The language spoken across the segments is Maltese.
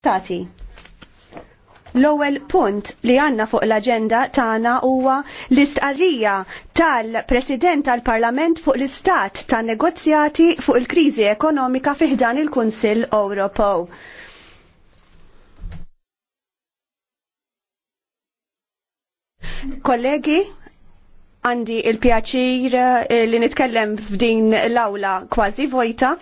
Tati. L-ewwel punt li għandna fuq l-aġenda tagħna huwa l-istqarrija tal-President tal-Parlament fuq l-istat tan negozjati fuq il-kriżi ekonomika fiħdan il-Kunsill Ewropew. Kollegi, għandi il-pjaċir eh, li nitkellem f'din l-awla kważi vojta.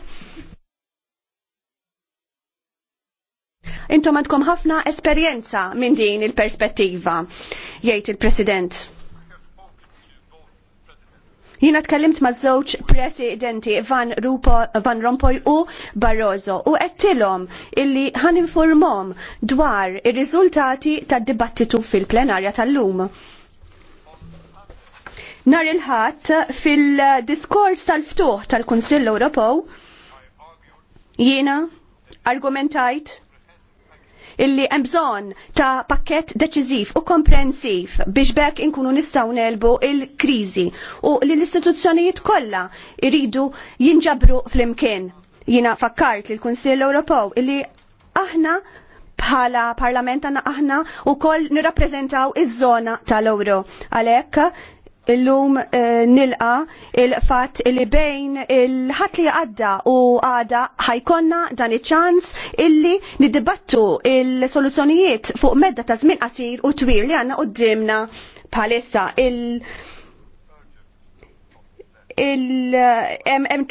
Intom għandkom ħafna esperjenza minn din il-perspettiva, jgħid il-President. Jina tkellimt ma' żewġ presidenti Van, Rupo, Van Rompuy u Barroso u għettilom illi ħan informom dwar ir-riżultati tad-dibattitu fil-plenarja tal-lum. Nar il-ħat fil-diskors tal-ftuħ tal-Kunsill Ewropew jiena argumentajt illi hemm bżonn ta' pakkett deċiżiv u komprensiv biex bekk inkunu nistgħu nelbu il-kriżi u li l-istituzzjonijiet kollha jridu jinġabru flimkien. Jiena fakkart lill kunsill Ewropew illi aħna bħala parlamentana aħna u koll nirrappreżentaw iż-żona tal-Ewro. Għalhekk illum eh, nilqa il-fat li bejn il-ħat li għadda u għada ħajkonna dan iċ-ċans illi nidibattu il-soluzzjonijiet fuq medda ta' żmien qasir u twir li għanna qoddimna bħalissa il- il eh,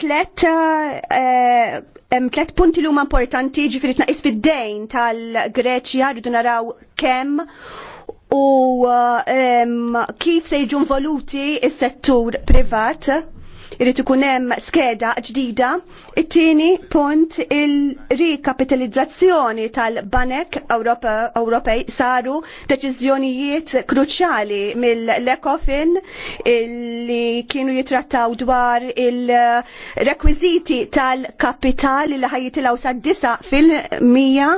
tlet punti li huma importanti ġifieri tnaqis fid-dejn tal-Greċja rridu naraw kemm u eh, kif se jiġu involuti is-settur privat irrit ikun hemm skeda ġdida. It-tieni punt il-rikapitalizzazzjoni tal-Banek Ewropej saru deċiżjonijiet kruċjali mill-Ecofin li kienu jitrattaw dwar il-rekwiżiti tal-kapital li ħajjitilgħu sa' 9 fil-mija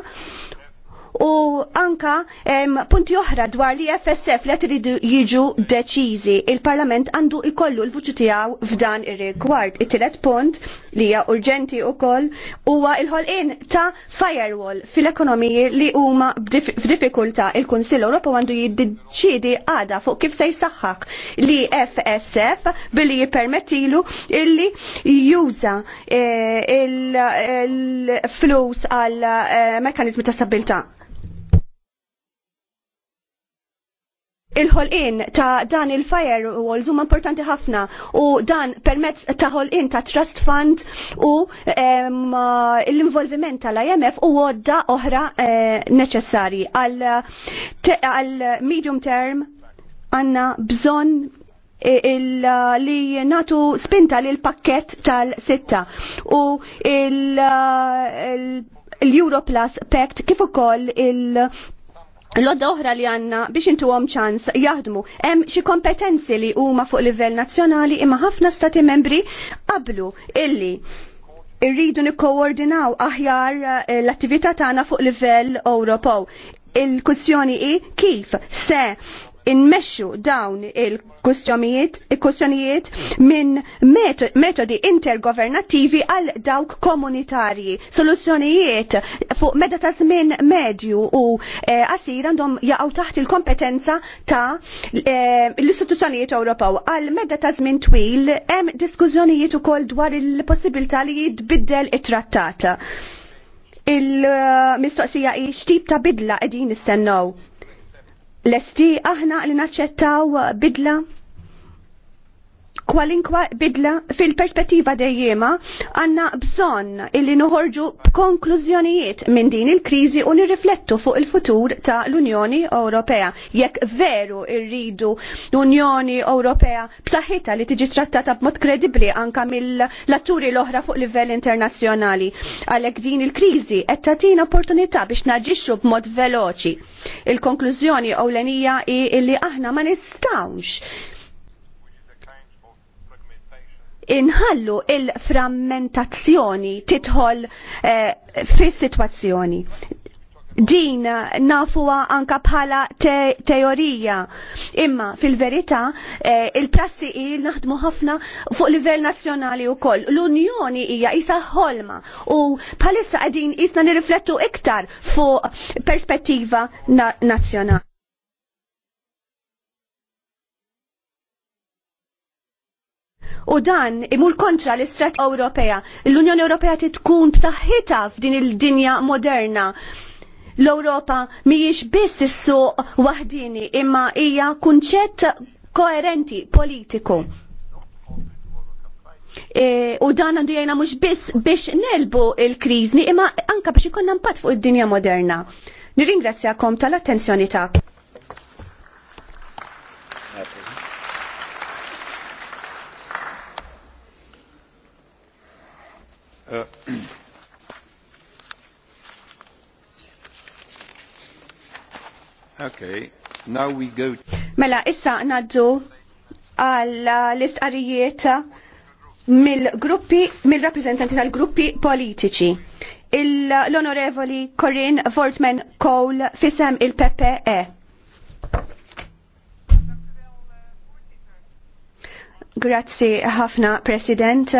u anka em, punti oħra dwar li FSF li tridu jiġu deċiżi. Il-Parlament għandu ikollu l-vuċi tiegħu f'dan ir-rigward. It-tielet punt li hija urġenti wkoll huwa l-ħolqien ta' firewall fil-ekonomiji li huma f'diffikultà. Il-Kunsill Ewropew għandu jiddeċidi għada fuq kif se jsaħħaq li FSF billi jippermettilu illi juża eh, il-flus għal eh, mekanizmi ta' stabilta' il-ħolqin ta' dan il-firewalls huma importanti ħafna u dan permezz ta' ħolqin ta' trust fund u l-involviment tal-IMF u għodda oħra eh, neċessari għal medium term għanna bżon eh, li natu spinta lil pakket tal-sitta u il eh, l-Europlus Pact kif ukoll il- L-odda oħra li għanna biex intu għom ċans jaħdmu, hemm xi kompetenzi li huma fuq livell nazzjonali imma ħafna stati membri qablu illi irridu nikkoordinaw aħjar eh, l-attività tagħna fuq livell Ewropew. Il-kuzzjoni hi kif se immexxu dawn il-kustjonijiet il-kustjonijiet minn metodi intergovernattivi għal dawk komunitarji. Soluzzjonijiet fuq meda ta' żmien medju u għasir e, għandhom jaqgħu taħt il-kompetenza ta' e, l-istituzzjonijiet Ewropew. Għal meda ta' żmien twil hemm diskużjonijiet ukoll dwar il-possibilità li jitbiddel it-trattat. Il-mistoqsija e, hi ta' bidla qegħdin nistennew Lesti aħna li naċċettaw bidla kwalinkwa bidla fil-perspettiva dejjema għanna bżon illi nħorġu b'konklużjonijiet minn din il-kriżi u nirriflettu fuq il-futur ta' l-Unjoni Ewropea. Jekk veru irridu l-Unjoni Ewropea b'saħħitha li tiġi trattata b'mod kredibbli anka mill-atturi l-oħra fuq livell internazzjonali. Għalhekk din il-kriżi qed tagħtina opportunità biex naġixxu b'mod veloċi. Il-konklużjoni ewlenija hi illi aħna ma nistgħux inħallu il-frammentazzjoni titħol eh, fis-sitwazzjoni din nafuwa anka bħala te teorija. Imma fil-verita eh, il-prassi il naħdmu ħafna fuq livell nazzjonali u koll. L-Unjoni hija isa ħolma u bħalissa għadin isna nirriflettu iktar fuq perspettiva na nazzjonali. U dan imur kontra l-istrat Ewropea. L-Unjoni Ewropea titkun b'saħħitha f'din il-dinja moderna. L-Ewropa mhijiex biss is-suq waħdini imma hija kunċett koerenti politiku. E, u dan għandu jgħina mux biss biex nelbu il-krizni imma anka biex ikonna mpat fuq id-dinja moderna. Nirringrazzjakom tal-attenzjoni ta' Uh, okay, now we go. Mela, issa naddu għal l-istqarijiet mill-gruppi, mill-rappresentanti tal-gruppi politiċi. L-onorevoli Corinne Vortman Cole fisem il-PPE. Grazzi ħafna, President.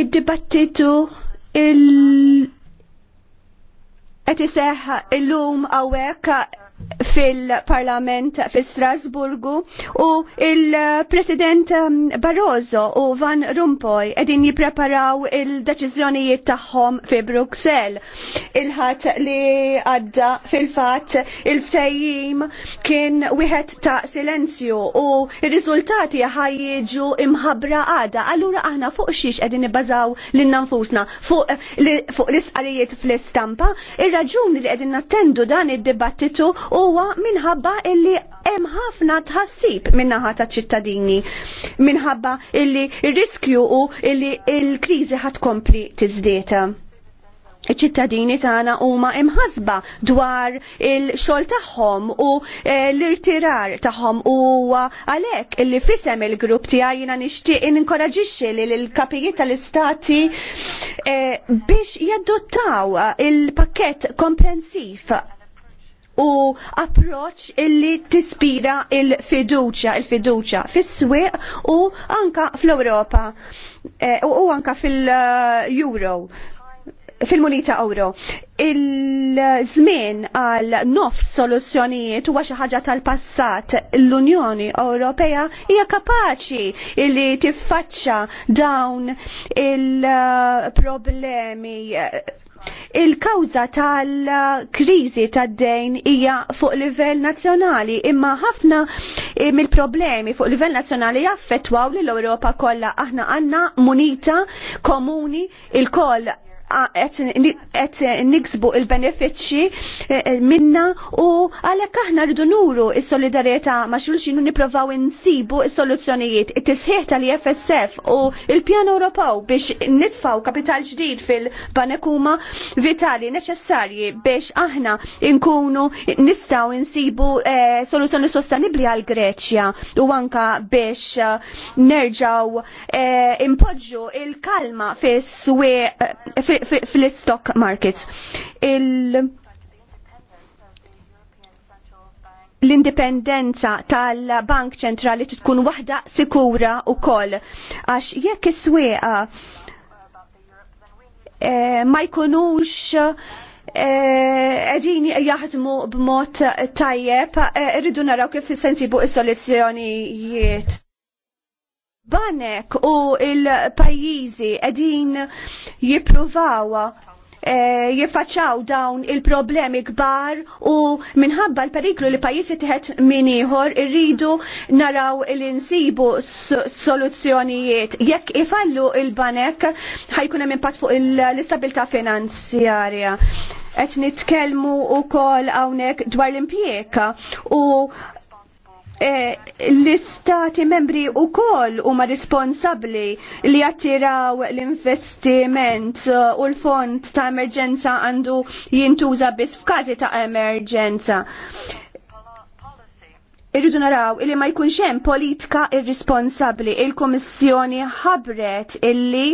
Id-dibattitu il- qed il-lum hawnhekk fil-parlament fi Strasburgu u il-president um, Barroso u Van Rumpoy edin jipreparaw il-deċizjonijiet tagħhom fi Bruxelles. Il-ħat li għadda fil-fat il-ftejjim kien wieħed ta' silenzju u il-riżultati ħajjiġu imħabra għada. Allura aħna fuq xiex edin nibbażaw l-nanfusna fuq l-istqarijiet fl-istampa. Ir-raġuni li edin nattendu dan id-dibattitu huwa minħabba illi hemm ħafna tħassib min-naħa ta' ċittadini minħabba illi r-riskju u illi l-kriżi il ħatkompli tiżdieta iċ-ċittadini tagħna huma imħasba dwar il-xogħol tagħhom u eh, l-irtirar tagħhom u għalhekk illi fisem il-grupp tiegħi jiena nixtieq ninkoraġixxi lil il-kapijiet tal-istati eh, biex jadottaw il-pakkett komprensiv u approċ illi tispira il-fiduċa, il-fiduċa fis-swieq u anka fl-Ewropa eh, u, u anka fil-Euro fil-munita euro. Il-żmien għal nof soluzzjonijiet huwa xi ħaġa tal-passat l-Unjoni Ewropea hija kapaċi li tiffaċċa dawn il-problemi Il-kawza tal-krizi tad-dejn hija fuq livell nazzjonali, imma ħafna eh, mill-problemi fuq livell nazzjonali jaffettwaw l-Ewropa kollha aħna għandna munita komuni il-koll qed niksbu il-benefiċċji eh, eh, minna u għalhekk aħna rridu nuru s-solidarjetà ma' xulxinu u nipprovaw insibu s-soluzzjonijiet. It-tisħiħ tal-IFSF u il-Pjan Ewropew biex nitfaw kapital ġdid fil banekuma vitali neċessarji biex aħna nkunu nistgħu insibu soluzjoni eh, soluzzjoni sostenibbli għal Greċja u anka biex nerġaw eh, impoġġu il-kalma fis swe fil-stock markets. l-indipendenza tal-Bank ċentrali tkun waħda sikura u koll. Għax jekk is-swieqa eh, ma jkunux eh, għedin jahdmu jaħdmu b'mod tajjeb, eh, rridu naraw kif sensibu is-soluzzjonijiet banek u il-pajjiżi qegħdin jipruvawa E, eh, jiffaċċaw dawn il-problemi kbar u minħabba l-periklu li pajjiżi tħet minn ieħor irridu naraw l-insibu soluzzjonijiet. Jekk ifallu il-banek ħajkun hemm impatt fuq l-istabilità finanzjarja. Qed nitkellmu wkoll hawnhekk dwar l impieka u Eh, l-istati membri u koll u ma responsabli li jattiraw l-investiment eh, u l-fond ta' emerġenza għandu jintuża biss f'każi ta' emerġenza. Irridu naraw illi ma jkunx hemm politika irresponsabbli. Il-Kummissjoni ħabret illi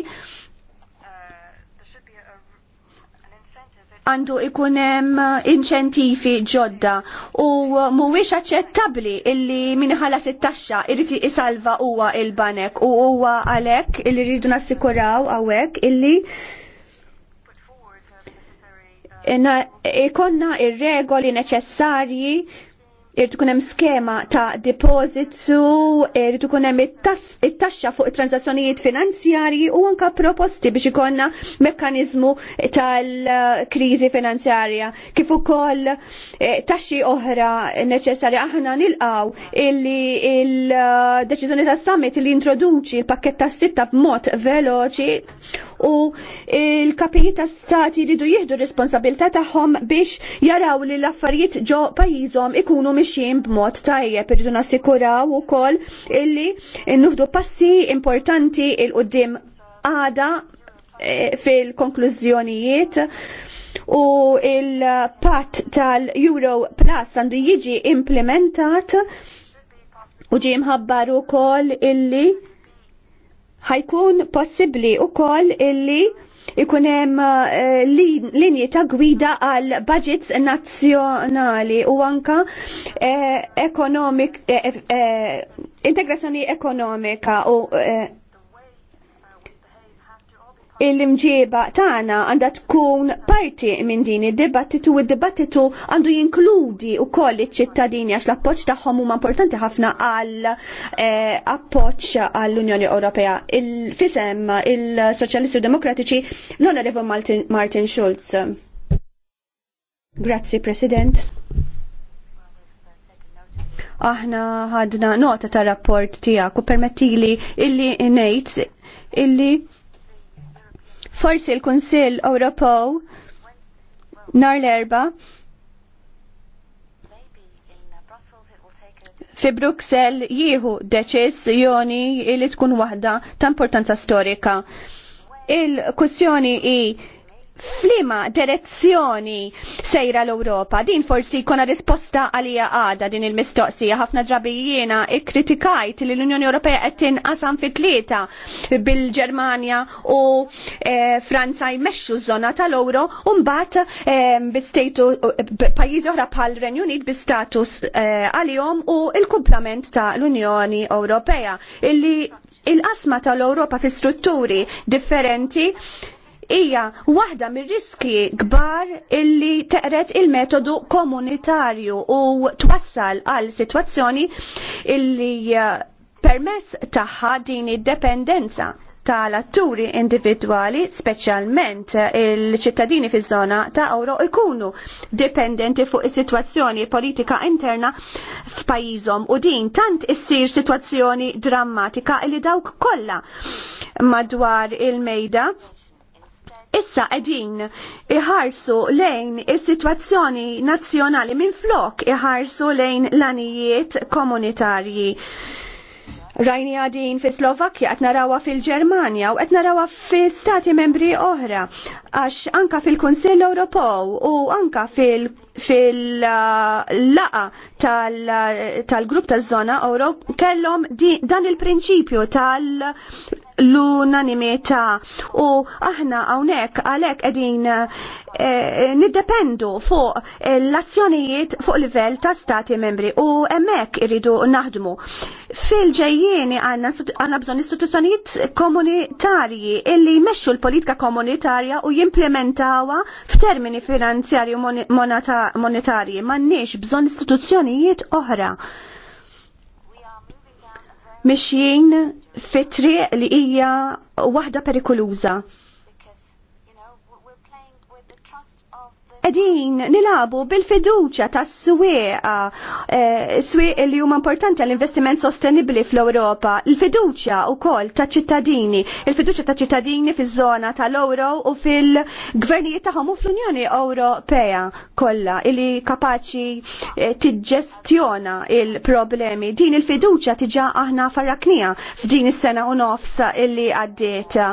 għandu ikunem eh, inċentifi ġodda u eh, mhuwiex aċċettabbli illi minħala sit-taxxa irid isalva huwa il-banek u huwa għalhekk illi rridu nassikuraw hawnhekk illi uh, uh, ikonna ir-regoli neċessarji irrid ikun hemm skema ta' depositu, irrid ikun hemm it-taxxa fuq it-transazzjonijiet finanzjarji u anka proposti biex ikonna mekkaniżmu tal-kriżi finanzjarja kif ukoll e, taxxi oħra neċessarja aħna nilqaw illi il-deċiżjoni tas-summit li introduċi l-pakket tas-sitta b'mod veloċi u il-kapijiet tas-stati jridu jieħdu responsabilità tagħhom biex jaraw li l-affarijiet ġo pajjiżhom ikunu mixjin b'mod tajjeb irridu nassikuraw ukoll illi nuħdu passi importanti il qudiem għada eh, fil-konklużjonijiet u il-pat tal-Euro Plus għandu jiġi implementat u ġi mħabbar ukoll illi ħajkun possibbli ukoll illi ikunem hemm eh, linji ta' gwida għal budgets nazzjonali u anka eh, ekonomik eh, integrazzjoni ekonomika u il-imġieba tagħna għandha tkun parti minn din id-dibattitu u d-dibattitu għandu jinkludi wkoll iċ-ċittadini għax l-appoġġ tagħhom huma importanti ħafna għall eh, appoġġ għall-Unjoni Ewropea. Il-fisem il-Soċjalisti u Demokratiċi non arrivu Martin Schulz. Grazzi, President. Aħna ħadna nota tar rapport tiegħek u permettili illi ngħid illi Forsi l-Kunsill Ewropew nar l-erba fi Bruxelles jieħu deċiżjoni li tkun waħda ta' importanza storika. Il-kussjoni hi flima direzzjoni sejra l-Europa. Din forsi jkuna risposta għalija għada din il-mistoqsija. Ħafna drabi jiena ikkritikajt li l-Unjoni Ewropea qed tinqasam fit tlieta bil-Ġermanja u e, Franza jmexxu żona tal-Euro u mbagħad e, eh, bistejtu eh, pajjiżi oħra bħal Renju Unit bistatus għalihom e, u l-kumplament ta' l-Unjoni Ewropea illi il-qasma tal-Ewropa fi strutturi differenti hija waħda mir-riski kbar illi teqret il-metodu komunitarju u twassal għal sitwazzjoni illi eh, permess tagħha din id-dependenza tal-atturi individwali, speċjalment eh, il-ċittadini fi zona ta' euro, ikunu dipendenti fuq is-sitwazzjoni politika interna f'pajjiżhom u din tant issir sitwazzjoni drammatika li dawk kollha madwar il-mejda issa qegħdin iħarsu lejn is-sitwazzjoni nazzjonali minflok iħarsu lejn l-anijiet komunitarji. Rajni għadin fi Slovakkja, għet narawa fil ġermanja u għet narawa fi stati membri oħra, għax anka fil-Konsill Ewropew u anka fil fil-laqa tal-grupp tal taż-żona kellom kellhom dan il-prinċipju tal- l-unanimità u aħna hawnhekk għalhekk qegħdin eh, eh, niddependu fuq l-azzjonijiet fuq livell ta' stati membri u hemmhekk iridu naħdmu. Fil-ġejjieni għandna bżonn istituzzjonijiet komunitarji illi jmexxu l-politika komunitarja u jimplementawha f'termini finanzjarju monetarju monetarji, m'għandniex bżonn istituzzjonijiet oħra. Mixjin fitri li hija waħda perikoluża. edin nilabu bil-fiduċa ta' s-swieqa, eh, swieq li huma importanti għall-investiment sostenibli fl-Europa, il-fiduċa u kol ta' ċittadini, il-fiduċa ta' ċittadini fi' zona tal-Euro u fil-gvernijiet tagħhom u fl-Unjoni Ewropea kollha li kapaċi eh, tiġġestjona il-problemi. Din il-fiduċa tiġa aħna farraknija f'din is-sena u nofsa illi għaddieta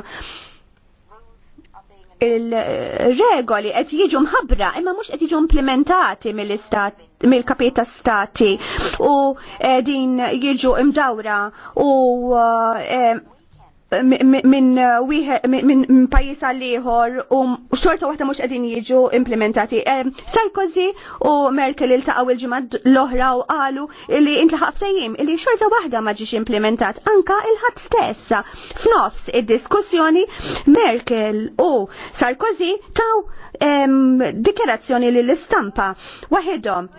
il-regoli qed jiġu mħabbra imma mhux qed jiġu implementati mill-istat mill-kapieta stati u eh, din jiġu imdawra u eh, Uh, minn minn pajis għal ieħor u xorta waħda mux għedin jiġu implementati. Eh, Sarkozy u Merkel il-taqaw il-ġimad l-oħra u għalu li intlaħaq ftajim li xorta waħda maġiġ implementat anka il-ħat stessa. F'nofs id-diskussjoni Merkel u Sarkozy taw dikerazzjoni li l-istampa waħedhom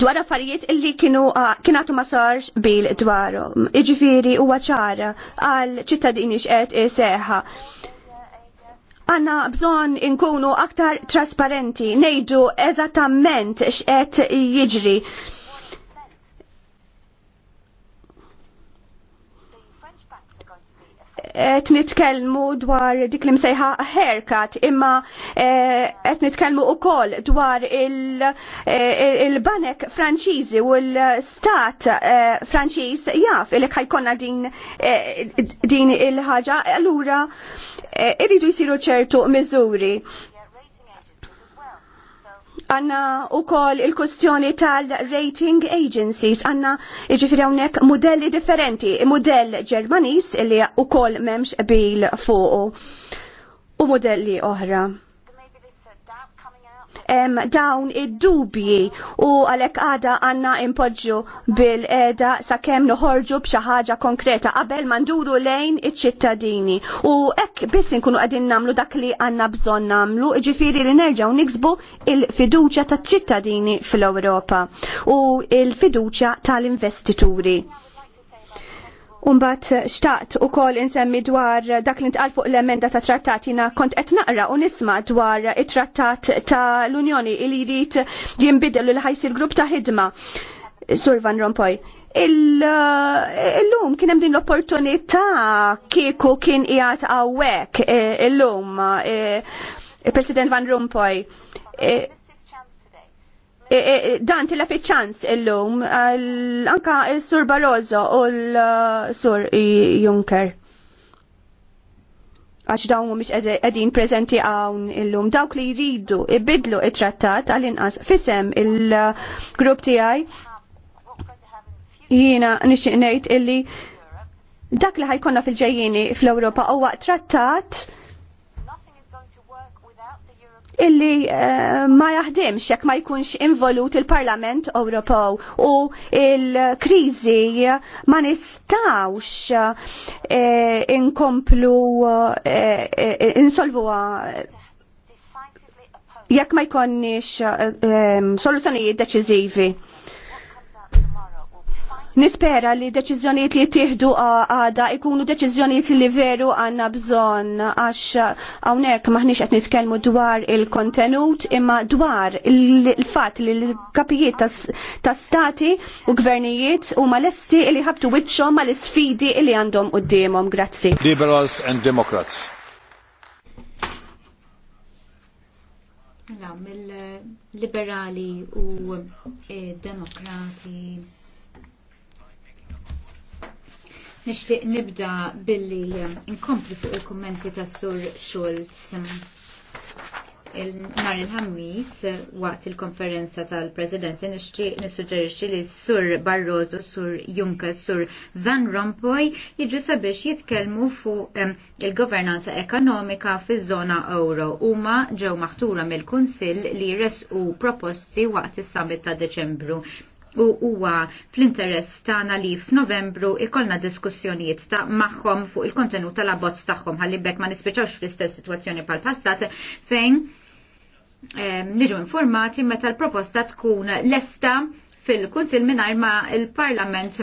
dwar affarijiet illi kienu kienatu ma sarx bil dwarhom. Jiġifieri huwa ċara għal ċittadini x'qed iseħħa. Għanna bżon inkunu aktar trasparenti, nejdu eżattament x'qed jiġri qed nitkellmu dwar dik li msejħa haircut imma eh, qed nitkellmu wkoll dwar eh, il-banek Franċiżi u l-stat eh, Franċiż jaf ilek ħajkonna din din il-ħaġa allura irridu jsiru ċertu miżuri għanna u koll il-kustjoni tal-rating agencies, għanna ġifiri għonek modelli differenti, modell ġermanis li u koll memx bil fuqu u modelli oħra dawn id-dubji u għalhekk għada għandna impoġġu bil-eda sakemm noħorġu b'xi ħaġa konkreta qabel ma nduru lejn iċ-ċittadini u hekk biss inkunu qegħdin nagħmlu dak li għandna bżonn nagħmlu, jiġifieri li nerġgħu niksbu il-fiduċja taċ-ċittadini fl-Ewropa u il-fiduċja tal-investituri. Umbat eh, xtaqt u kol insemmi dwar eh, dak li ntqal fuq l-emenda ta' trattat jina kont qed naqra u nisma dwar it-trattat ta' l-Unjoni il jrid jinbidel l ħajsir grupp ta' ħidma. Sur Van Rompuy. Eh, illum kien hemm din l-opportunità kieku kien qiegħed hawnhekk illum President Van Rompuy Eh, eh, dan tila ċans illum anka s-sur Barozo u l-sur Juncker. Għax dawn mhumiex qegħdin preżenti hawn illum dawk li jridu ibidlu it-trattat għal-inqas fisem il-grupp tiegħi jiena nixi ngħid illi dak li ħajkonna fil ġejjini fl-Ewropa huwa trattat illi eh, ma jaħdimx jekk ma jkunx involut il-Parlament Ewropew u il-kriżi ma nistawx eh, inkomplu eh, insolvuha jekk ma jkonniex soluzzjonijiet deċiżivi. Nispera li deċiżjonijiet li tiħdu għada ikunu deċiżjonijiet li veru għanna bżonn għax hawnhekk maħniex qed nitkellmu dwar il-kontenut imma dwar il-fatt li l-kapijiet ta' stati u gvernijiet u malesti li ħabtu wiċċhom mal-isfidi li għandhom d-demom. Grazzi. Liberals and Democrats. Mela, mill-liberali u eh, demokrati Nixtieq nibda billi inkompli fuq il-kummenti tas Sur Schultz. Il-nar il-ħammis waqt il-konferenza tal-Presidenza nixtieq nissuġġerixxi li Sur Barroso, Sur Juncker, Sur Van Rompuy jiġu sabiex jitkellmu fuq il-governanza ekonomika fiż-żona euro huma ġew maħtura mill-Kunsill li resqu proposti waqt is-summit ta' Deċembru u huwa fl-interess tagħna li f'Novembru ikollna diskussjonijiet ta' magħhom fuq il-kontenut tal-abbozz tagħhom ħalli bekk ma nispiċawx fl-istess sitwazzjoni pal passat fejn eh, niġu informati meta l-proposta tkun lesta fil-Kunsil minar ma l parlament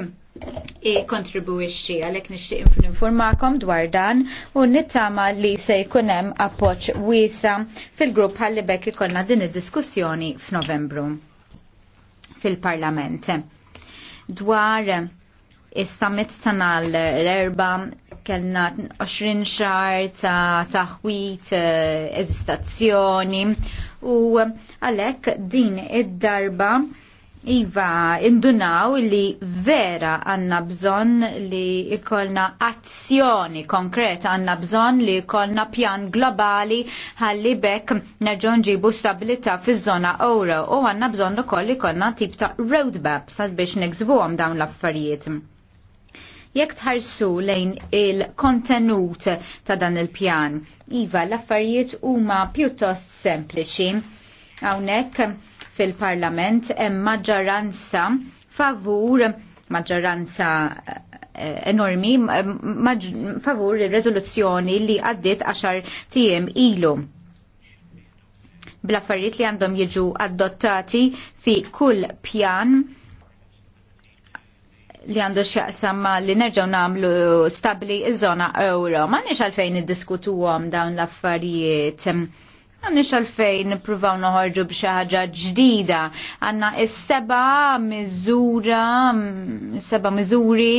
kontribuixxi għalhekk nixtieq ninformakom dwar dan u nittama li se jkun hemm appoġġ wiesa fil-grupp ħalli bekk ikollna din id-diskussjoni f'Novembru fil-Parlament. Dwar is-summit tanal l-erba kellna 20 xar ta' taħwit, eh, eżistazzjoni u għalek din id-darba Iva, indunaw li vera għanna bżon li ikolna azzjoni konkreta, għanna bżon li ikolna pjan globali għalli bekk nerġon ġibu stabilita fi zona euro u għanna bżon li koll ikolna tip ta' roadmap sad biex negzbu għam dawn l-affarijiet. Jekk tħarsu lejn il-kontenut ta' dan il-pjan, Iva, l-affarijiet huma pjuttost sempliċi. Hawnhekk fil-Parlament hemm maġġoranza favur maġġoranza eh, enormi eh, favur ir-reżoluzzjoni li għaddiet għaxar tiem ilu bl-affarijiet li għandhom jiġu adottati fi kull pjan li għandu xaqsam ma li nerġaw namlu stabli iż-żona euro. Ma nix għalfejn id-diskutu għom dawn l-affarijiet Għannix għalfejn nipruvaw noħorġu bxaħġa ġdida. Għanna is seba mizura, seba mizuri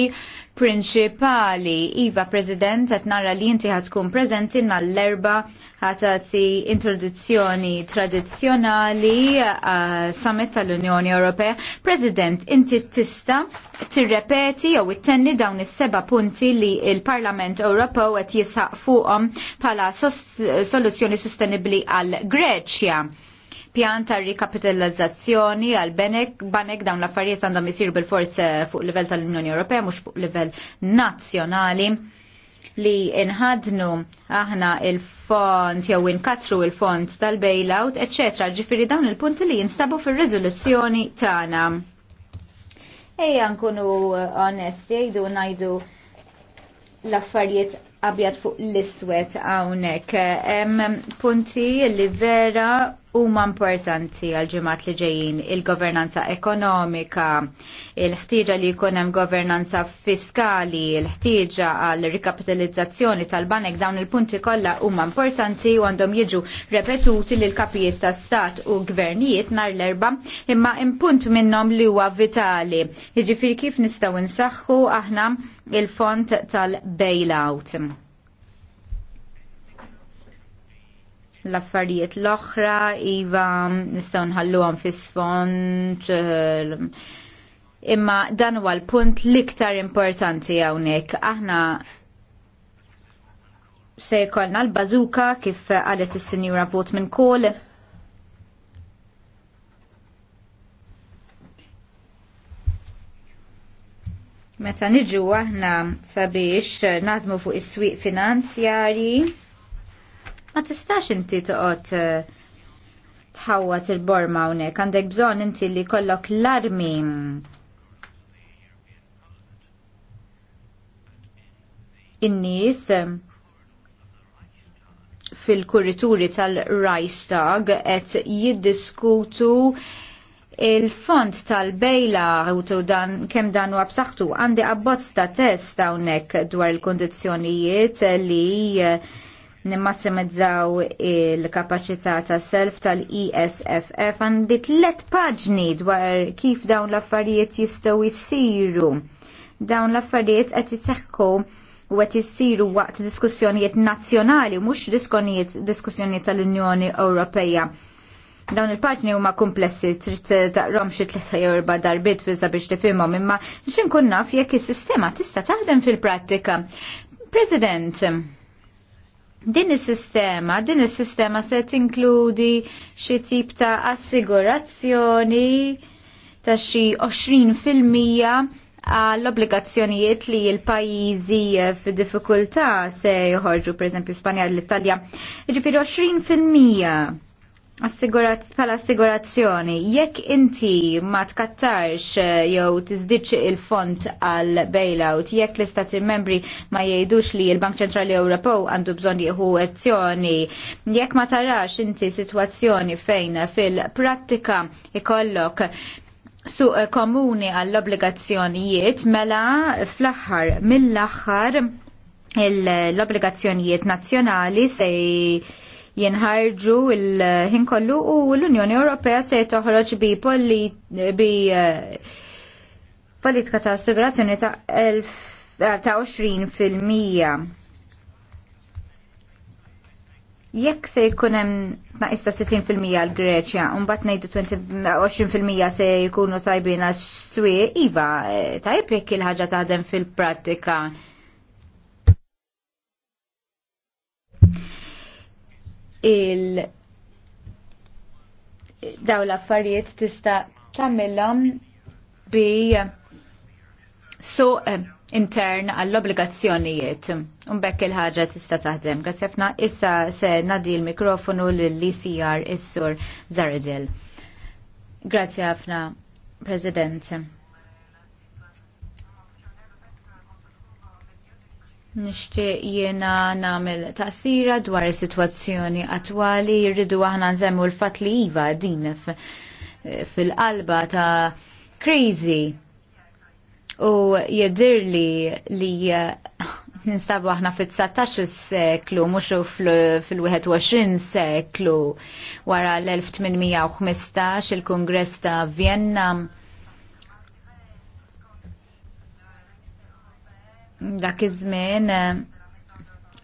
prinċipali. Iva, President, qed nara li inti tkun preżenti nall-erba ħatati introduzzjoni tradizzjonali uh, summit tal-Unjoni Ewropea. President, inti tista tirrepeti jew ittenni dawn is-seba punti li l parlament Ewropew qed jisaq fuqhom bħala soluzzjoni sostenibbli għal Greċja pjan ta' rikapitalizzazzjoni għal benek banek dawn l-affarijiet għandhom jisir bil-fors fuq livell tal-Unjoni Ewropea mhux fuq livell nazzjonali li inħadnu aħna il-font jew inkatru il-font tal-bailout, eċetera. ġifiri dawn il-punti li jinstabu fir-riżoluzzjoni tagħna. Ejja nkunu onesti, jgħidu ngħidu l-affarijiet abjad fuq l-iswed hawnhekk. punti li vera huma importanti għal ġimgħat li ġejjin il-governanza ekonomika, il-ħtieġa li jkun hemm governanza fiskali, il-ħtieġa għal rikapitalizzazzjoni tal-banek dawn il-punti kollha huma importanti u għandhom jiġu repetuti lil kapijiet ta' stat u gvernijiet nar l-erba' imma impunt minnhom li huwa vitali. Jiġifieri kif nistgħu nsaħħu aħna il-font tal-bailout l-affarijiet l-oħra, iva nistgħu nħalluhom fis-sfond, eh, imma dan huwa l-punt l-iktar importanti hawnhekk. Aħna se jkollna l bazuka kif qalet is-Sinjura Vot minn Kol. Meta niġu aħna sabiex naħdmu fuq is-swieq finanzjarji Ma tistax inti toqgħod eh, tħawwat il-borma hawnhekk għandek bżonn inti li kollok l-armi in-nies eh, fil-kurrituri tal-Reichstag qed jiddiskutu il-font tal-bejla u dan kem dan u għabsaħtu għandi abbozz ta' test hawnhekk dwar il-kondizzjonijiet li eh, nimmassimizzaw il-kapacità ta' self tal-ESFF għandi tlet paġni dwar kif dawn l-affarijiet jistgħu jsiru. Dawn l-affarijiet qed jisseħħu u qed jissiru waqt diskussjonijiet nazzjonali mhux diskussjonijiet tal-Unjoni Ewropea. Dawn il-partni huma komplessi trid taqrom xi tlieta jew erba' darbiet biża biex tifhimhom imma biex inkun naf jekk is-sistema tista' taħdem fil-prattika. President, Din is-sistema, din is-sistema se tinkludi xi tip ta' assigurazzjoni ta' xi 20% għall-obbligazzjonijiet li l-pajjiżi f'diffikultà se joħorġu, pereżempju Spanja l-Italja, jiġifieri 20% pala assigurazzjoni, jekk inti ma tkattarx eh, jew tiżdiċ il-font għal bailout, jekk l-istati membri ma jgħidux li l-Bank Ċentrali Ewropew għandu bżonn jieħu azzjoni, jekk ma tarax inti sitwazzjoni fejn fil-prattika ikollok su komuni għall-obbligazzjonijiet mela fl-aħħar mill-aħħar l-obbligazzjonijiet nazzjonali se jinħarġu il-ħin kollu u l-Unjoni Ewropea se toħroġ bi bi eh, politika ta' assigurazzjoni ta' 20 eh, fil-mija. Jekk se jkun hemm naqista 60% l-Greċja, u mbagħad ngħidu 20% se jkunu tajbin għax swieq, iva eh, tajb jekk il-ħaġa taħdem fil-prattika il daw l-affarijiet tista tagħmilhom bi so, intern għall-obbligazzjonijiet. Unbekk il-ħagġa tista' taħdem. Għasifna, ħafna. Issa se nadi l-mikrofonu lill-ECR is-sur Zaridil. Grazzi ħafna, President. Nishtiq jiena namel taqsira dwar is-sitwazzjoni attwali jirridu aħna nżemmu l-fat li iva din fil-qalba ta' crazy u jedirli li ninsabu aħna fit-19 seklu mhux fil-21 seklu wara l-1815 il-Kungress ta' Vienna dak iż-żmien eh,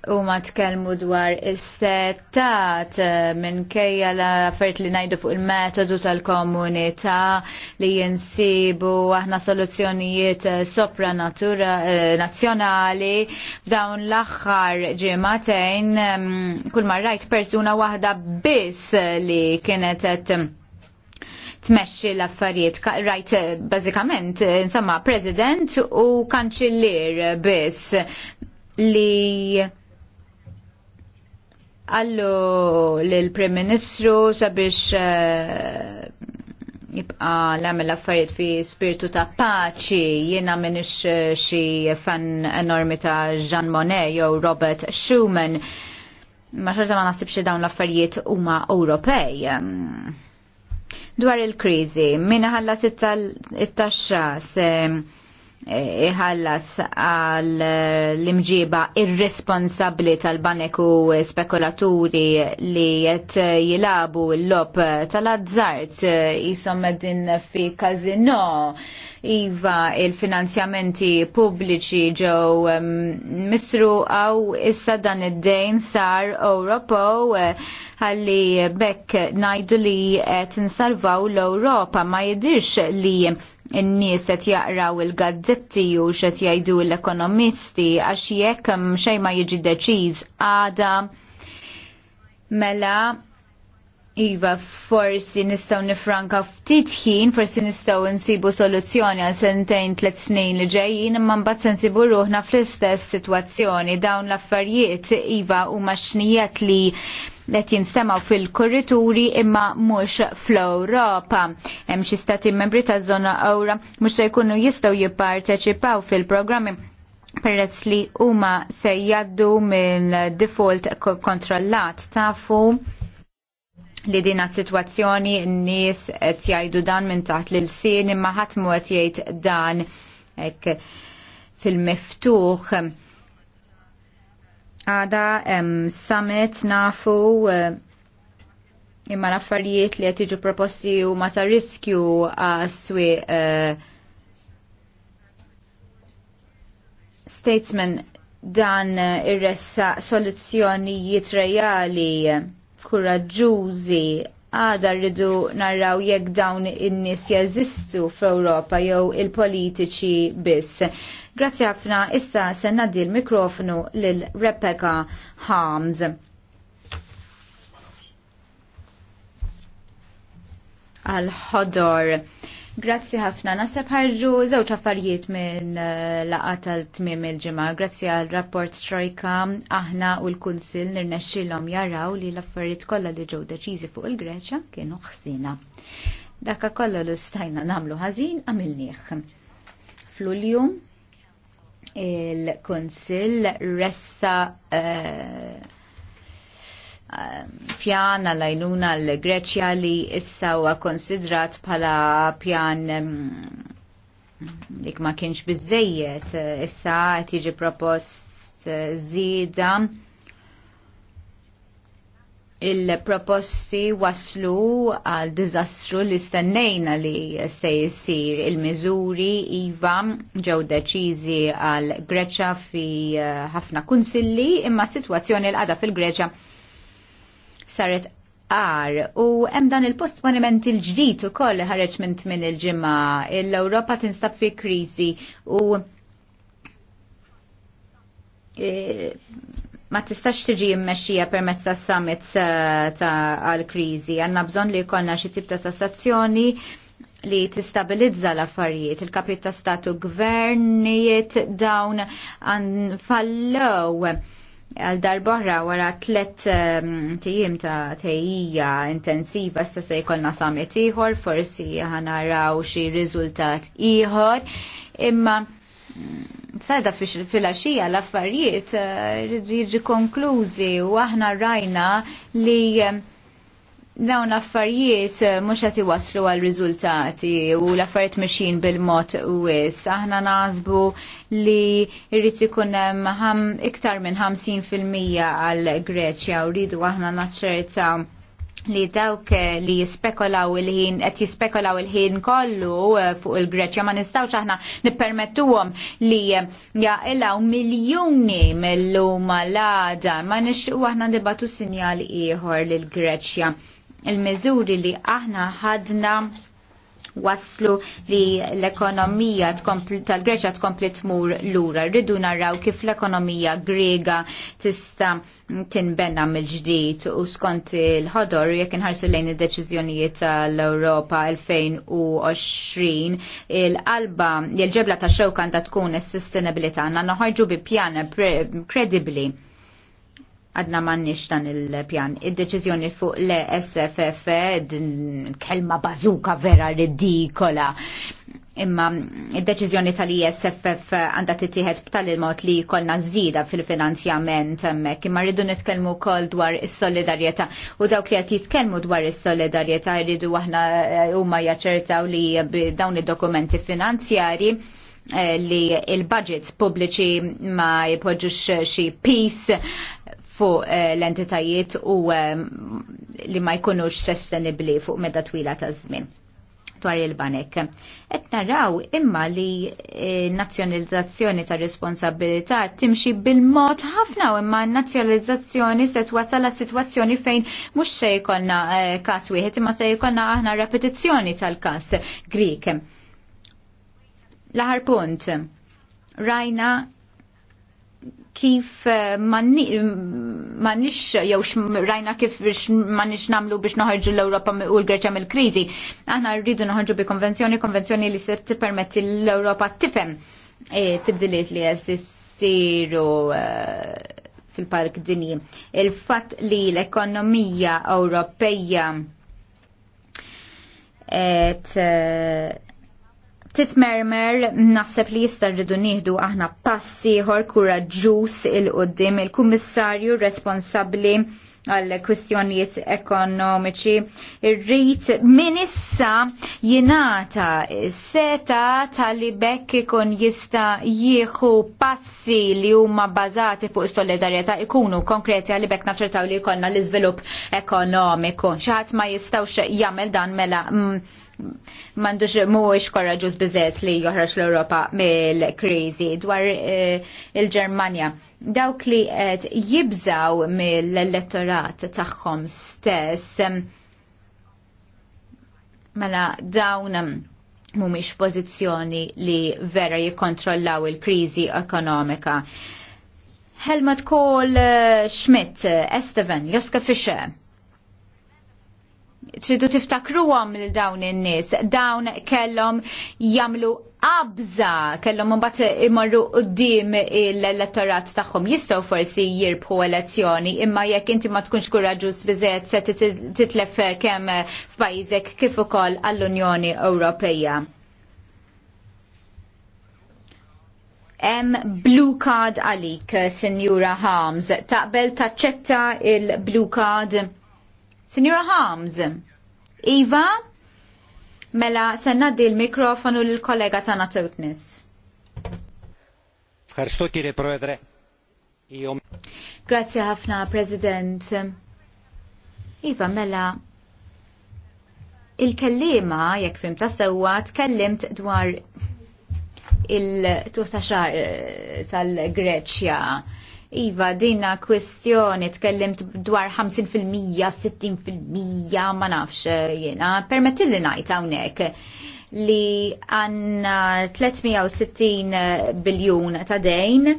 huma tkellmu dwar is-settat eh, minkejja la affert li ngħidu fuq il-metodu tal-komunità li jinsibu aħna soluzzjonijiet eh, sopra nazzjonali f'dawn l-aħħar ġimagħtejn kull marrajt persuna waħda biss li kienet qed tmexxi l-affarijiet. Rajt eh, bażikament, eh, insomma, president u kanċillier biss li għallu l-Prim Ministru sabiex eh, jibqa l-għamil affarijiet fi spiritu ta' paċi, jiena minix xi fan enormi ta' Jean Monnet jew Robert Schumann. Ma xorta ma nasibx dawn l-affarijiet huma Ewropej. Dwar il-krizi, minna ħalla 16 se iħallas għal l-imġiba irresponsabli tal-banek u spekulaturi li jett jilabu l-lob tal-azzart jisom din fi kazino iva il-finanzjamenti pubbliċi ġew misru għaw issa dan id-dejn sar Ewropo għalli bekk najdu li qed nsalvaw l-Ewropa ma jidirx li n-nies qed jaqraw il-gazzetti u x'qed jgħidu l-ekonomisti għax jekk xejn ma jiġi deċiż għada mela Iva, forsi nistaw nifranka ftit ħin, forsi nistaw nsibu soluzzjoni għal sentejn tlet snin li ġejjin, imma mbagħad se nsibu ruħna fl-istess sitwazzjoni dawn l-affarijiet iva huma xnijiet li qed jinstemaw fil-korrituri imma mhux fl-Ewropa. Hemm xi stati membri taż-żona ewra mhux se jkunu jistgħu jipparteċipaw fil-programmi peress li huma se jgħaddu minn default kontrollat tafu li dina situazzjoni n-nies qed jgħidu dan minn taħt l sin imma ħadd mu qed jgħid dan hekk fil-miftuħ. Għada summit nafu eh, imma l-affarijiet li qed proposti proposti ma ta' riskju għas uh, eh, statesman dan irressa soluzzjonijiet reali kuraġġużi għada rridu narraw jekk dawn in-nies jeżistu fl-Ewropa jew il-politiċi biss. Grazzi ħafna, issa se ngħaddi l-mikrofonu lil Rebecca Harms. Al-ħodor. Grazzi ħafna. Nasab ħarġu żewġ affarijiet minn eh, laqa tal-tmiem il-ġimgħa. Grazzi għal rapport Trojka aħna u l-Kunsil nirnexxilhom jaraw li l-affarijiet kollha li ġew deċiżi fuq il-Greċja kienu ħsina. Dakka kollha l stajna nagħmlu ħażin għamilnieh. F'Lulju il-Kunsil ressa uh, pjan għal-għajnuna l-Greċja li issa huwa konsidrat bħala pjan mm, dik ma kienx bizzejiet issa qed jiġi propost eh, żieda il-proposti waslu għal dizastru li stennejna li se jisir il-mizuri IVA ġew deċiżi għal Greċa fi eh, ħafna kunsilli imma situazzjoni l-qada fil-Greċa saret għar u hemm dan il monument il-ġdid ukoll ħareġ minn tmien il-ġimgħa l-Ewropa tinstab fi kriżi u e, ma tistax tiġi mmexxija permezz tas summits e, ta' għal-kriżi. Għandna bżonn li jkollna xi tip ta' tassazzjoni li tistabilizza l-affarijiet, il-kapit ta' statu gvernijiet dawn għan fallow għal darbohra wara tlet ehm, tijim ta' tejija intensiva sta se jkollna samet iħor, forsi raw xi riżultat iħor, imma mm, sada fil-axija l-affarijiet eh, jiġi konklużi u aħna rajna li ehm, dawn l-affarijiet eh, mhux qed iwasslu għal riżultati u l-affarijiet mexin bil-mod wis. Aħna nazbu li rrid ikun hemm iktar minn 50% għal Greċja u rridu aħna naċċerta li dawk eh, li jispekolaw il-ħin, qed jispekolaw il-ħin kollu eh, fuq il-Greċja ma nistgħux aħna nippermettuhom li jaqilaw miljuni mill-lum l-għada ma nixtiequ aħna nibatu sinjal ieħor lill-Greċja il-miżuri li aħna ħadna waslu li l-ekonomija tal-Greċja tkompli tmur lura. Rridu naraw kif l-ekonomija grega tista tinbenna mill-ġdid u skont il-ħodor jekk inħarsu lejn id-deċiżjonijiet tal-Ewropa 2020 il-qalba il-ġebla ta' xewkan ta' tkun is-sustainabilità għanna noħarġu bi pjan kredibli għadna mannix dan il-pjan. Id-deċizjoni fuq l-SFF, kelma bazuka vera ridikola. Imma id-deċizjoni tal-ISFF għanda t-tiħed b'tal il-mod li kolna zida fil-finanzjament hemmhekk imma rridu nitkellmu wkoll dwar is-solidarjetà u dawk li qed jitkellmu dwar is-solidarjetà jridu aħna eh, huma jaċċertaw li dawn id-dokumenti finanzjarji eh, li il-budgets pubbliċi ma jpoġġux xi peace fuq eh, l-entitajiet u ehm, li ma jkunux sostenibli fuq medda twila ta' żmien dwar il-banek. Et naraw imma li eh, nazzjonalizzazzjoni ta' responsabilità timxi bil-mod ħafna u imma nazzjonalizzazzjoni se twasal situazzjoni fejn mhux se jkollna eh, kas wieħed imma se jkollna aħna repetizzjoni tal-kas Grik. l punt. Rajna kif eh, manix jew rajna kif manix namlu biex noħarġu l-Ewropa u l-Greċja mill-kriżi. Aħna rridu noħarġu bi konvenzjoni, konvenzjoni li se tippermetti l-Ewropa tifhem eh, tibdiliet li jessiru eh, fil-park dinji. Il-fatt li l-ekonomija Ewropeja et titmermer naħseb li jista' rridu nieħdu aħna passi ħor kuraġġuż il-qudiem il-kummissarju responsabbli għal kwistjonijiet ekonomiċi irrid min issa jingħata seta tal bekk ikun jista' jieħu passi li huma bażati fuq solidarjetà ikunu konkreti għal bekk naċċertaw li jkollna l-iżvilupp ekonomiku. Xi ħadd ma jistgħux jagħmel dan mela mm, mandux muħiex korraġus bizet li joħraċ l-Europa mill-krizi dwar eh, il-Germania. Dawk li għed jibżaw mill-elettorat tagħhom stess mela dawn mumiex pozizjoni li vera jikontrollaw il-krizi ekonomika. Helmut Kohl, eh, Schmidt, eh, Esteven, Joska Fischer, tridu tiftakruhom lil dawn in-nies. Dawn kellhom jagħmlu qabża, kellhom mbagħad imorru qudiem l-elettorat tagħhom. Jistgħu forsi jirbħu elezzjoni, imma jekk inti ma tkunx kuraġus biżejjed se titlef kemm f'pajjiżek kif ukoll għall-Unjoni Ewropea. Em blue card għalik, Sinjura Harms. Taqbel taċċetta il-blue card Signora Holmes, Iva, mela senna di l-mikrofonu l-kollega tana Tewtnis. Grazie ħafna, President. Iva, mela, il-kellima, jekk fim ta' sewa, tkellimt dwar il-tuħtaxar eh, tal-Greċja Iva, dina kwestjoni tkellimt dwar 50%, 60%, ma nafx eh, jena. Permettilli najt hawnhekk li għanna 360 eh, biljun ta' dejn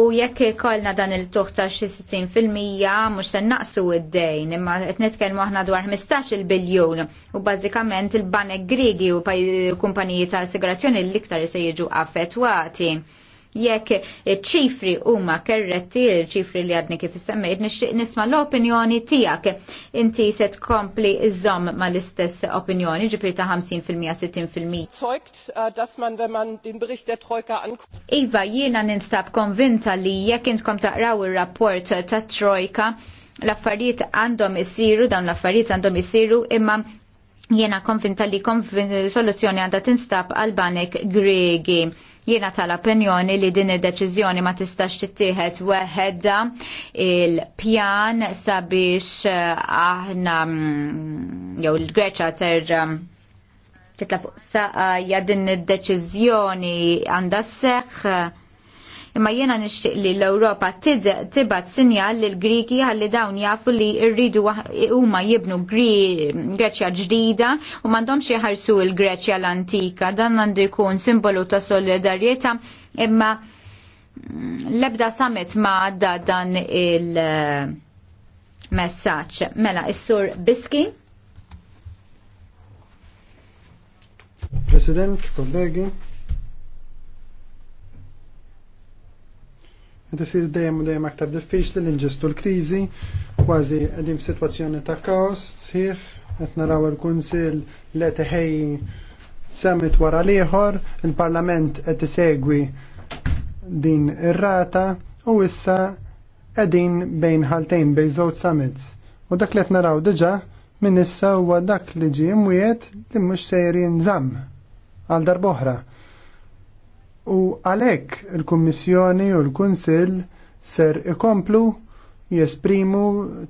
u jekk kolna dan il tuħta 60% mhux se naqsu id-dejn, imma qed nitkellmu aħna dwar 15 biljun u bażikament il-banek grigi u kumpaniji ta' assigurazzjoni l-iktar se jiġu affettwati jekk ċifri huma kerretti, ċifri li għadni kif semmejt, nixtieq nisma l-opinjoni tiegħek. Inti se tkompli iżomm mal-istess opinjoni, ġifri ta' 50% 60%. Äh, man Iva, jiena ninstab konvinta li jekk intkom taqraw ir-rapport ta' Trojka, l-affarijiet għandhom isiru, dawn l-affarijiet għandhom isiru, imma jena konvinta li soluzzjoni għandha tinstab għal banek gregi. Jiena tal-opinjoni li din id-deċiżjoni ma tistax tittieħed weħedda il-pjan sabiex eh, aħna mm, jew il-Greċa terġa' titla fuq saqa din id-deċiżjoni għandha seħħ imma jiena nixtieq li l-Ewropa tibat sinjal lill Griki ħalli dawn jafu li rridu huma jibnu Greċja ġdida u m'għandhomx jħarsu il-Greċja l-antika. Dan għandu jkun simbolu ta' solidarjetà imma mm, l-ebda summit ma għadda dan il-messaċ. Mela, is-sur Biski. President, kollegi, Qed isir dejjem u dejjem aktar diffiċli li nġestu l-kriżi, kważi qegħdin f'sitwazzjoni ta' kaos sħiħ, qed naraw il-Kunsill li teħej summit wara l-ieħor, il-Parlament qed isegwi din ir-rata u issa qegħdin bejn ħaltejn bejn żewġ summits. U dak li qed naraw diġà minn issa huwa dak li ġie mwiet li mhux sejrin żamm għal darboħra. oħra U għalhekk il-Kummissjoni u l-Kunsill ser ikomplu jesprimu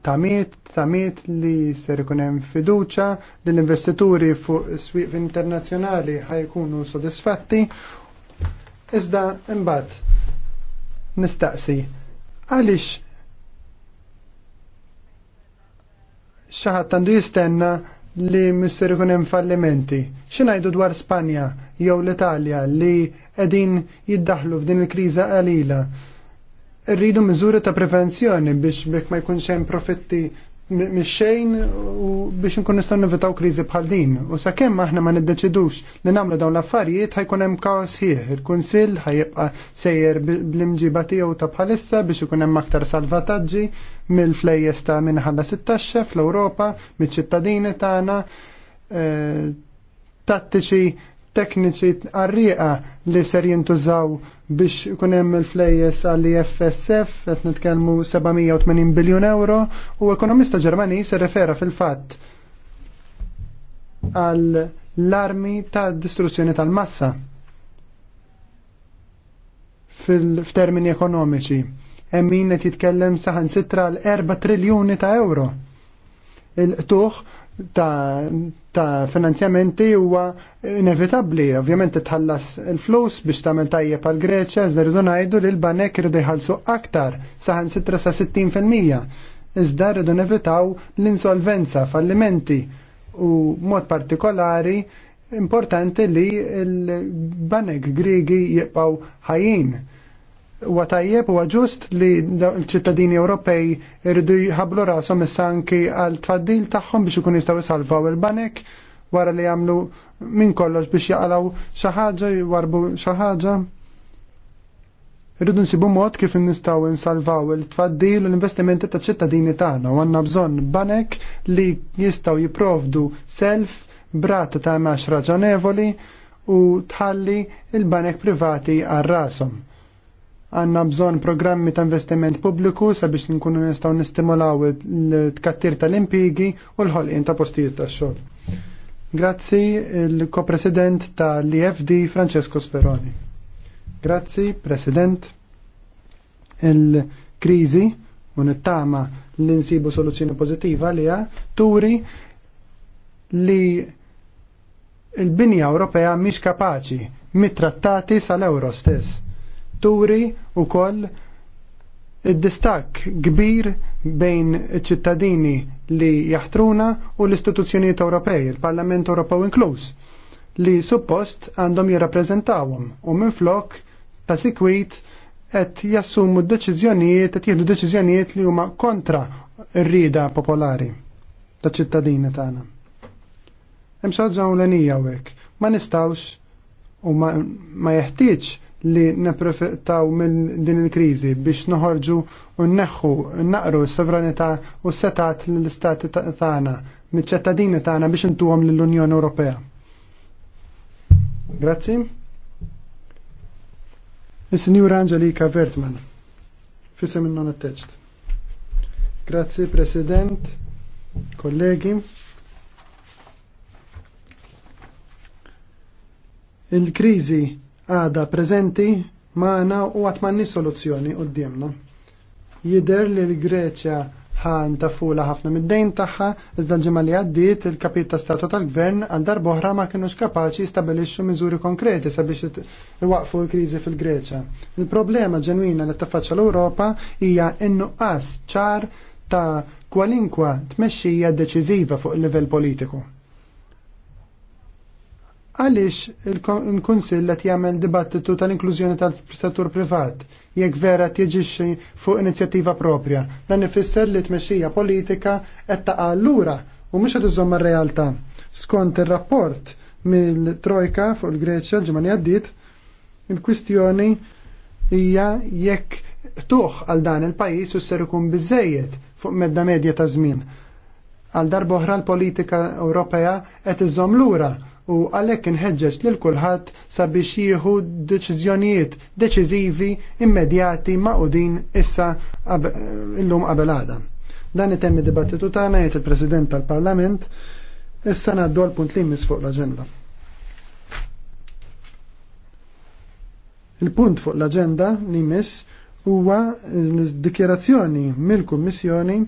tamiet, tamiet li ser ikun hemm fiduċa li l-investituri fuq is-swieq internazzjonali ħajkunu sodisfatti. Iżda imbagħad nistaqsi għaliex xaħat għandu jistenna li misser ikun hemm fallimenti. X'ingħidu dwar Spanja jew l-Italja li qegħdin jiddaħlu f'din il-kriża qalila. Rridu miżuri ta' prevenzjoni biex bekk ma jkunx hemm profitti mix-xejn u biex nkun nistgħu nivitaw kriżi bħal din. U sakemm aħna ma niddeċidux li nagħmlu dawn l-affarijiet ħajkun hemm kaos ħieħ. Il-Kunsill ħajibqa' sejjer bl-imġiba tiegħu ta' bħalissa biex ikun hemm aktar salvataġġi mill-flejjes ta' minħalla 16 fl-Ewropa, mill-ċittadini tagħna, eh, tattiċi tekniċi għarriqa li ser jintużaw biex kunem il-flejjes għalli FSF, għet nitkelmu 780 biljon euro, u ekonomista ġermani se refera fil-fat għal l-armi ta' distruzzjoni tal-massa fil-termini ekonomiċi hemm min qed jitkellem saħan sitra l 4 triljuni ta' euro. il tuħ ta', ta finanzjamenti huwa inevitabbli, ovvjament tħallas il-flus biex tagħmel tajjeb għal Greċja, iżda rridu ngħidu li l-banek irridu jħallsu aktar saħan sitra sa' 60%. Iżda rridu nevitaw l-insolvenza, fallimenti u mod partikolari importanti li l-banek Grigi jibqaw ħajjin huwa tajjeb huwa ġust li l-ċittadini Ewropej irridu jħablu rashom issa anki għal tfaddil tagħhom biex ikun jistgħu jsalvaw il-banek wara li jagħmlu minn kollox biex jaqalaw xi ħaġa jwarbu xi ħaġa. Irridu nsibu mod kif nistgħu nsalvaw il-tfaddil u l-investimenti taċ ċittadini tagħna u għandna bżonn banek li jistgħu jipprovdu self brat ta' max raġonevoli u tħalli il-banek privati għal rashom għanna bżon programmi ta' investiment pubbliku sabiex nkunu nistaw nistimulaw il tkattir tal-impigi u l-ħolqin ta' postijiet ta' xogħol. Grazzi l-ko-president tal-IFD Francesco Speroni. Grazzi, president. Il-krizi u nittama l-insibu soluzzjoni pozittiva li turi li l-binja Ewropea mhix kapaċi mit-trattati sal-euro stess turi wkoll id-distak kbir bejn ċittadini li jaħtruna u l-istituzzjonijiet Ewropej, il-Parlament Ewropew inkluż, li suppost għandhom jirrappreżentawhom u minflok ta' sikwit qed jassumu d-deċiżjonijiet, qed jieħdu deċiżjonijiet li huma kontra r-rida popolari ta' ċittadini tagħna. Hemm xi ħaġa ewlenija hawnhekk. Ma nistgħux u ma, ma jeħtieġ li neprofittaw minn din il-krizi biex noħorġu u neħħu naqru s-sovranità u s-setat l-istati tagħna, miċ ċittadini tagħna biex intuhom lill-Unjoni Ewropea. Grazzi. Is-Sinjura Angelika Vertman, fisem non teċt Grazzi President, kollegi. Il-krizi għada prezenti maħna u għatmanni soluzzjoni u d-diemna. Jider li l-Greċja ħan tafula ħafna mid-dejn tagħha, iżda l-ġimgħa li għaddiet il-kapit ta' statu tal-gvern għandar boħra ma kinux kapaċi jistabilixxu miżuri konkreti sabiex iwaqfu l-kriżi fil-Greċja. Il-problema ġenwina li tiffaċċa l-Ewropa hija innuqqas ċar ta' kwalinkwa tmexxija deċiżiva fuq il-livell politiku għaliex il-Kunsill qed jagħmel dibattitu tal-inklużjoni tal-settur privat jekk vera tjeġixxi fuq inizjattiva propria. Dan ifisser li tmexxija politika qed taqa' lura u mhux qed iżomm ir-realtà. Skont ir-rapport mill-Trojka fuq il-Greċja l-ġimgħa għaddit, il-kwistjoni hija jekk tuħ għal dan il-pajjiż u ser ikun biżejjed fuq medda medja ta' żmien. Għal darboħra l-politika Ewropea qed iżomm lura u għalhekk inħeġġeġ lil kulħadd sabiex jieħu deċiżjonijiet deċiżivi immedjati maqudin issa illum qabel għada. Dan it-temmi dibattitu tagħna jgħid il-President tal-Parlament issa ngħaddu għal punt li jmiss fuq l-aġenda. Il-punt fuq l-aġenda li jmiss huwa l-dikjerazzjoni mill-Kummissjoni